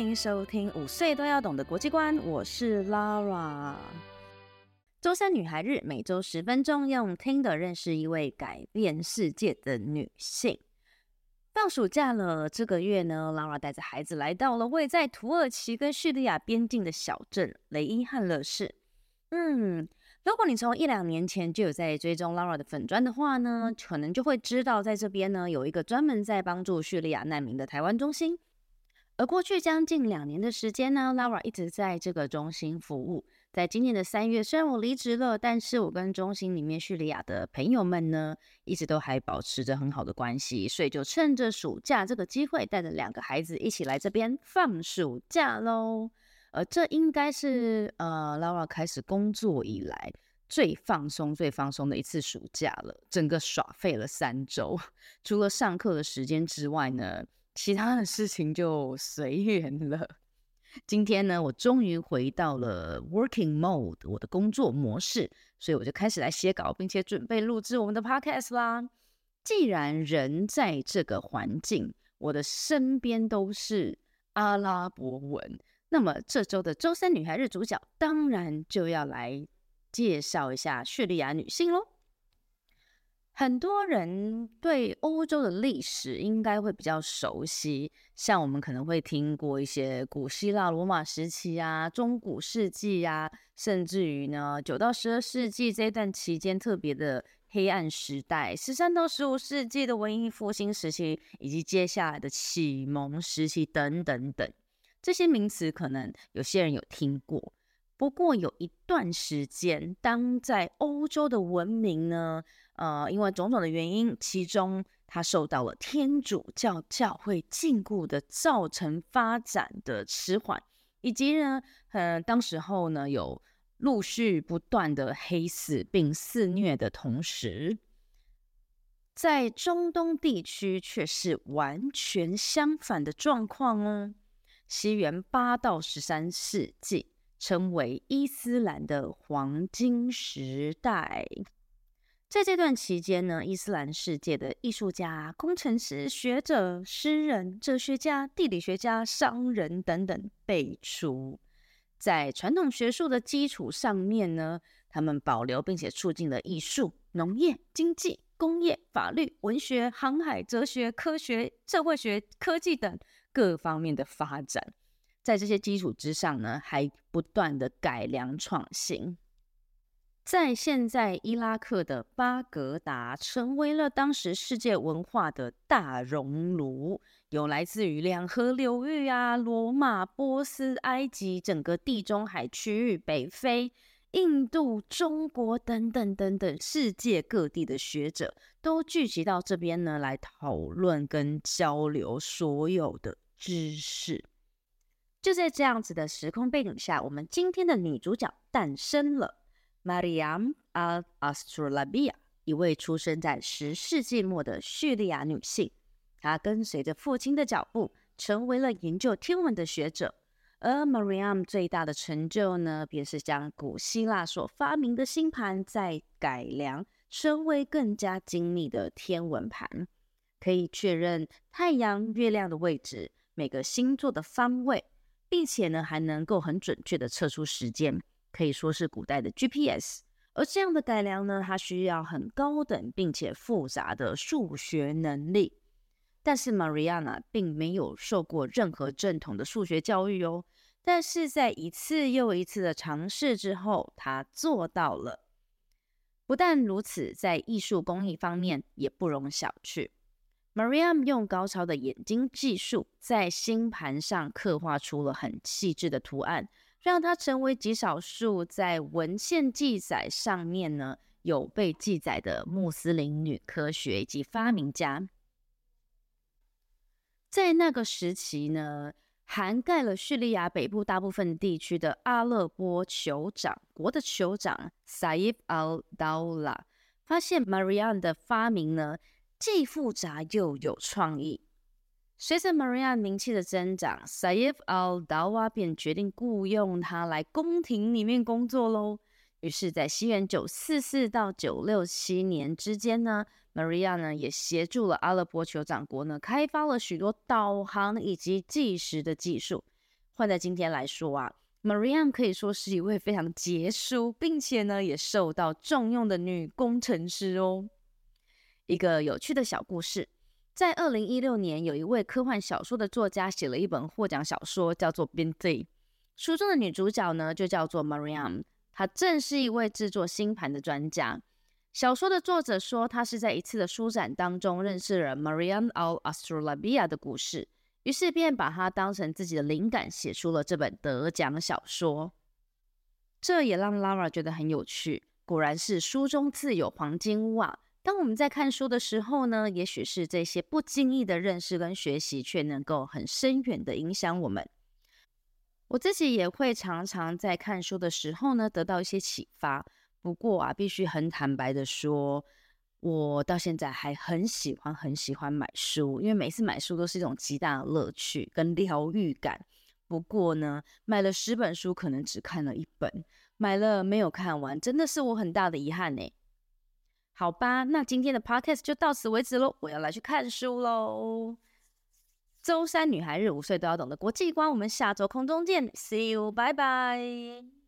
歡迎收聽《五歲都要懂的國際觀》，我是 Lara。週三女孩日，每週十分鐘，用聽的認識一位改變世界的女性。放暑假了，這個月呢，Lara 帶着孩子來到了位在土耳其跟敘利亞邊境的小鎮雷伊漢勒市。嗯，如果你從一兩年前就有在追蹤 Lara 的粉專的話呢，可能就會知道，在這邊呢有一個專門在幫助敘利亞難民的台灣中心。而過去將近兩年的時間呢、啊、，Laura 一直在這個中心服務，在今年的三月，雖然我離職了，但是我跟中心裡面敘利亞的朋友們呢，一直都還保持着很好的關係。所以就趁着暑假這個機會，帶着兩個孩子一起來這邊放暑假嘍、嗯。呃，這應該是呃 Laura 開始工作以來最放鬆、最放鬆的一次暑假了。整個耍廢了三週，除了上課的時間之外呢。其他的事情就隨緣了。今天呢，我終於回到了 working mode，我的工作模式，所以我就開始來寫稿，並且準備錄製我們的 podcast 啦。既然人在這個環境，我的身邊都是阿拉伯文，那麼這周的周三女孩日主角當然就要來介紹一下敘利亞女性嘍。很多人對歐洲的歷史應該會比較熟悉，像我們可能會聽過一些古希臘、羅馬時期啊，中古世紀啊，甚至於呢九到十二世紀這一段期間特別的黑暗時代，十三到十五世紀的文藝復興時期，以及接下來的啟蒙時期等等等，這些名詞，可能有些人有聽過。不過有一段時間，當在歐洲的文明呢，呃，因為種種的原因，其中它受到了天主教教會禁錮的，造成發展的遲緩，以及呢，呃，當時候呢有陸續不斷的黑死病肆虐的同時，在中東地區卻是完全相反的狀況哦。西元八到十三世紀，稱為伊斯蘭的黃金時代，在這段期間呢，伊斯蘭世界的藝術家、工程師、學者、詩人、哲學家、地理學家、商人等等輩出。在傳統學術的基礎上面呢，他們保留並且促進了藝術、農業、經濟、工業、法律、文學、航海、哲學、科學、社會學、科技等各方面的發展。在這些基礎之上呢，還不斷的改良創新。在現在伊拉克的巴格達，成為了當時世界文化的大熔爐，有來自於兩河流域啊、羅馬、波斯、埃及、整個地中海區域、北非、印度、中國等等等等世界各地的學者，都聚集到這邊呢，來討論跟交流所有的知識。就在這樣子的時空背景下，我們今天的女主角誕生了 ——Mariam al-Astrulabi，一位出生在十世紀末的敘利亞女性。她跟隨着父親的腳步，成為了研究天文的學者。而 Mariam 最大的成就呢，便是將古希臘所發明的星盤再改良，成為更加精密的天文盤，可以確認太陽、月亮的位置，每個星座的方位。並且呢，還能夠很準確的測出時間，可以說是古代的 GPS。而這樣的改良呢，它需要很高等並且複雜的數學能力。但是 Mariam 並沒有受過任何正統的數學教育哦。但是在一次又一次的嘗試之後，她做到了。不但如此，在藝術工藝方面也不容小覷。Mariam 用高超的冶金技術，在星盤上刻畫出了很細緻的圖案，讓她成為極少數在文獻記載上面呢有被記載的穆斯林女科學以及發明家。在那個時期呢，涵蓋了敘利亞北部大部分地區的阿勒頗酋長國的酋長 Saif al-Dawla 發現 Mariam 的發明呢。既複雜又有創意。隨着 Maria 名氣的增長，Saif Al Dawa 便決定雇傭他來宮廷裡面工作嘍。於是，在西元九四四到九六七年之間呢，Maria 呢也協助了阿拉伯酋長國呢開發了許多導航以及計時的技術。換在今天來說啊，Maria 可以說是一位非常傑出，並且呢也受到重用的女工程師哦。一個有趣的小故事，在二零一六年，有一位科幻小說的作家寫了一本獲獎小說，叫做《Binti》。書中的女主角呢，就叫做 Mariam。她正是一位製作星盤的專家。小說的作者說，她是在一次的書展當中認識了 Mariam al-Astrulabi 的故事，於是便把她當成自己的靈感，寫出了這本得獎小說。這也讓 Lara 覺得很有趣，果然是書中自有黃金屋啊！當我們在看書的時候呢，也許是這些不經意的認識跟學習，卻能夠很深遠的影響我們。我自己也會常常在看書的時候呢，得到一些啟發。不過啊，必須很坦白的說，我到現在還很喜歡、很喜歡買書，因為每次買書都是一種極大的樂趣跟療癒感。不過呢，買了十本書，可能只看了一本，買了沒有看完，真的是我很大的遺憾呢、欸。好吧，那今天的 podcast 就到此為止嘍。我要來去看書嘍。週三女孩日，五歲都要懂得國際觀。我們下週空中見，See you，拜拜。